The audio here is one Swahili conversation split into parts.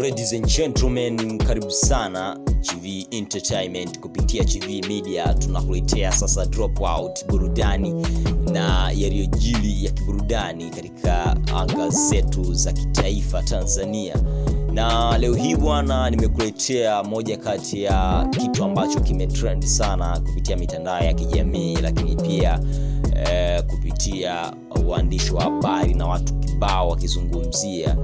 Ladies and gentlemen, karibu sana GV Entertainment kupitia GV Media tunakuletea sasa Dropout burudani na yaliyojili ya kiburudani katika anga zetu za kitaifa Tanzania. Na leo hii bwana, nimekuletea moja kati ya kitu ambacho kimetrend sana kupitia mitandao ya kijamii, lakini pia eh, kupitia uandishi wa habari na watu kibao wakizungumzia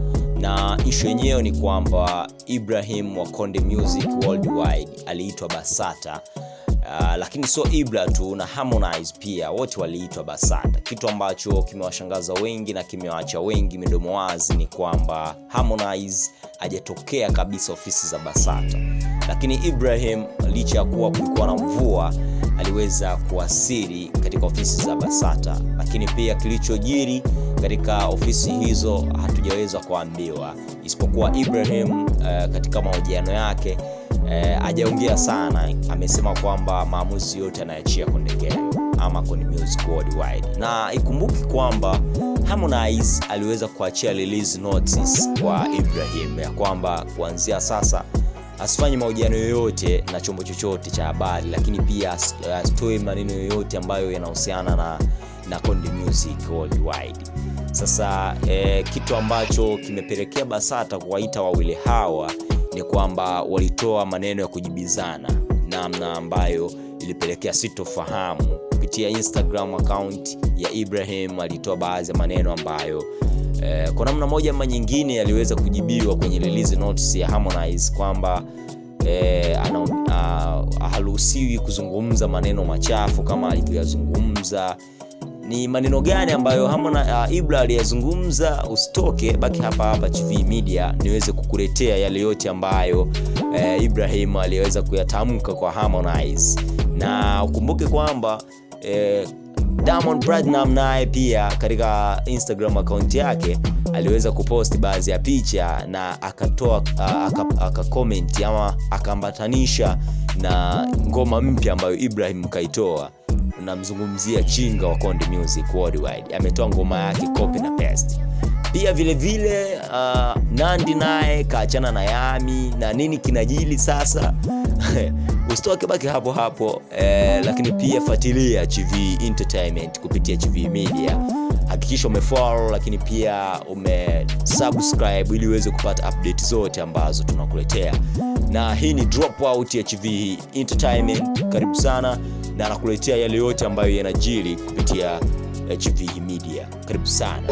na ishu yenyewe ni kwamba Ibrahim wa Konde Music Worldwide aliitwa Basata. Uh, lakini sio Ibra tu na Harmonize pia wote waliitwa Basata, kitu ambacho kimewashangaza wengi na kimewaacha wengi midomo wazi ni kwamba Harmonize hajatokea kabisa ofisi za Basata, lakini Ibrahim licha ya kuwa kulikuwa na mvua aliweza kuwasili katika ofisi za Basata, lakini pia kilichojiri katika ofisi hizo hatujaweza kuambiwa, isipokuwa Ibrahim uh, katika mahojiano yake uh, ajaongea sana, amesema kwamba maamuzi yote anayachia Kondekele ama Konde Music Worldwide, na ikumbuki kwamba Harmonize aliweza kuachia release notice kwa Ibrahim ya kwamba kuanzia sasa asifanye mahojiano yoyote na chombo chochote cha habari, lakini pia asitoe maneno yoyote ambayo yanahusiana na na Konde Music Worldwide. Sasa eh, kitu ambacho kimepelekea BASATA kuwaita wawili hawa ni kwamba walitoa maneno ya kujibizana, namna ambayo ilipelekea sitofahamu. Kupitia Instagram account ya Ibrahim alitoa baadhi ya maneno ambayo eh, kwa namna moja ama nyingine yaliweza kujibiwa kwenye release notes ya Harmonize kwamba E, haruhusiwi kuzungumza maneno machafu kama alivyoyazungumza ni maneno gani ambayo Harmonize uh, Ibra aliyazungumza. Usitoke, baki hapa hapa Chivihi Media niweze kukuletea yale yote ambayo uh, Ibrahim aliweza kuyatamka kwa Harmonize, na ukumbuke kwamba uh, Diamond Platinum naye pia katika Instagram account yake aliweza kuposti baadhi ya picha na akatoa uh, akakomenti ama akaambatanisha na ngoma mpya ambayo Ibrahim kaitoa namzungumzia Chinga wa Konde Music Worldwide, ametoa ngoma yake copy na paste. Pia vilevile vile, uh, Nandi naye kaachana na Yami na nini kinajili sasa usitoke baki hapo hapo eh, lakini pia fuatilia HV Entertainment kupitia HV Media, hakikisha umefollow, lakini pia umesubscribe ili uweze kupata update zote ambazo tunakuletea, na hii ni Dropout HV Entertainment. Karibu sana na anakuletea yale yote ambayo yanajiri kupitia GVE Media. Karibu sana.